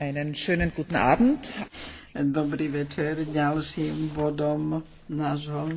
Einen schönen guten Abend. Dobrý večer. Ďalším bodom nášho